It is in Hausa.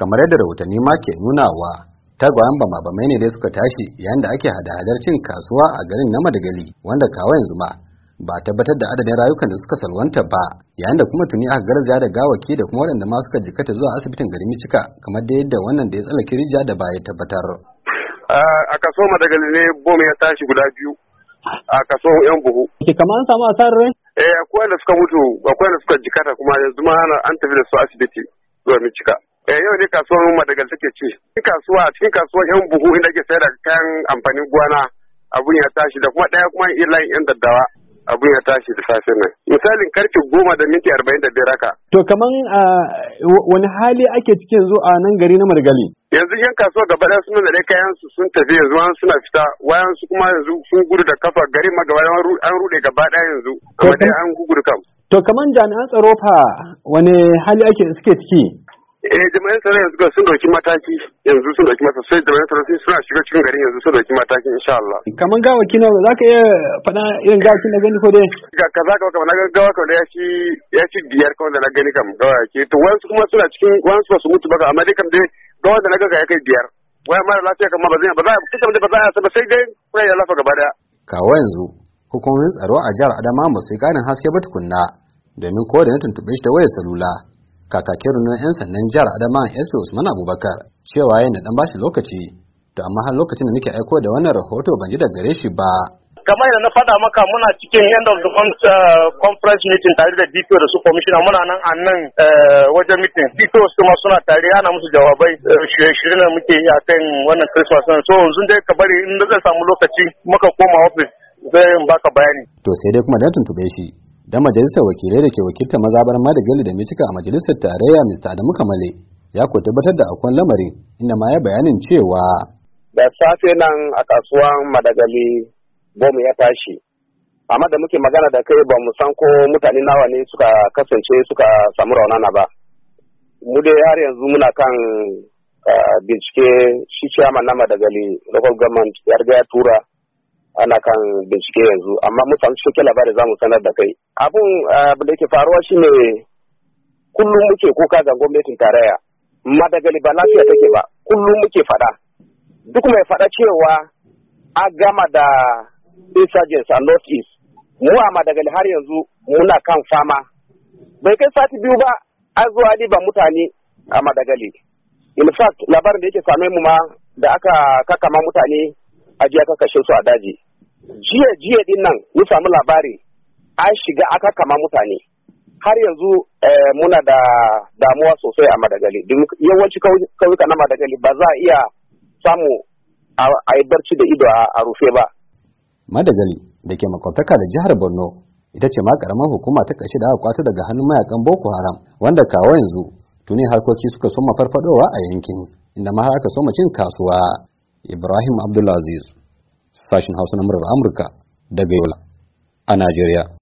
kamar yadda rahotanni ma ke nunawa tagwayen bama-bamai ne dai suka tashi yayin da ake hada-hadar cin kasuwa a garin na madagali wanda kawo yanzu ma ba tabbatar da adadin rayukan da suka salwanta ba yayin da kuma tuni aka garzaya da gawaki da kuma waɗanda ma suka jikata zuwa asibitin garin Micika kamar da yadda wannan da ya tsallake rijiya da baya tabbatar. a kaso madagali ne bom ya tashi guda biyu a kaso yan buhu. Ke kama an samu asarar rai? Eh akwai da suka mutu akwai da suka jikata kuma yanzu ma an tafi da su asibiti zuwa Micika. Eh, yau ne kasuwar daga take ce cikin kasuwa cikin kasuwar yan buhu inda ke sayar da kayan amfanin gona abun ya tashi da kuma daya kuma layin yan daddawa abun ya tashi da safe nan misalin karfe goma da minti arba'in da biyar haka. to kaman wani hali ake cikin yanzu a nan gari na margali. yanzu yan kasuwa gaba ɗaya suna da kayan su sun tafi yanzu an suna fita wayan su kuma yanzu sun gudu da kafa gari ma gaba an rude gaba ɗaya yanzu kuma dai an gudu kam. to kaman jami'an tsaro fa wani hali ake suke ciki. eh jami'an tsaron yanzu sun dauki mataki yanzu sun dauki mataki sai jami'an tsaron sun suna shiga cikin garin yanzu sun dauki mataki insha Allah kaman gawa kina za ka iya faɗa irin gawa kina gani ko dai ga kaza ka kaman ga gawa ka ya ci ya ci biyar kawai da na gani kam gawa ke to wasu kuma suna cikin wasu ba su mutu ba amma dai kam dai gawa da na ga ya kai biyar wai mara lafiya kamar ba zai ba za a kusa ba za a ba sai dai kuma ya lafa gaba daya kawo yanzu hukumomin tsaro a jihar Adamawa ba sai yi haske ba tukunna domin ko da na tuntuɓe shi ta wayar salula kakakin runar 'yan sandan jihar adama sp usman abubakar cewa yana dan bashi lokaci to amma har lokacin da nake aiko da wannan rahoto ban ji da gare shi ba kamar yadda na faɗa maka muna cikin end of the month uh, conference meeting tare da dito da su commissioner muna nan a nan uh, wajen meeting dito su ma suna tare ana musu jawabai uh, shirye-shirye da muke yi a kan wannan Christmas so yanzu dai ka bari in zai samu lokaci muka koma office zai baka bayani to sai dai kuma dan tuntube shi da majalisar wakilai da ke wakilta mazabar madagali da mitika a majalisar tarayya mr adamu kamale ya ko tabbatar da akwai lamarin inda ma ya bayanin cewa da safe nan a kasuwan madagali bomu ya tashi amma da muke magana da kai ba mu san ko mutane nawa ne suka kasance suka samu raunana ba mu dai har yanzu muna kan ah, bincike shi ciyaman na madagali local government ya riga ya tura ana kan bincike yanzu amma mun samu cikakken labari zamu sanar da kai abun eh, da ke faruwa shine kullum muke kuka ga gwamnatin tarayya madagali ba lafiya take ba kullum muke faɗa duk mai faɗa cewa a gama da insurgents a north east mu a madagali har yanzu muna kan fama bai kai sati biyu ba a zuwa ba mutane a madagali in fact labarin da yake same mu ma da aka kakama mutane a jiya kashe su a daji jiya jiya din nan mun samu labari an shiga aka kama mutane har yanzu eh, muna da damuwa sosai a madagali yawanci kauyuka na madagali ba za a iya samu a yi barci da ido a rufe ba madagali da ke makwabtaka da jihar borno ita ce ma karamar hukuma ta kashe da aka kwato daga hannun mayakan boko haram wanda kawo yanzu tuni harkoki suka soma farfadowa a yankin inda ma har aka soma cin kasuwa ibrahim abdulaziz sashin Hausa na murar Amurka daga Yola a Najeriya.